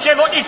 převodit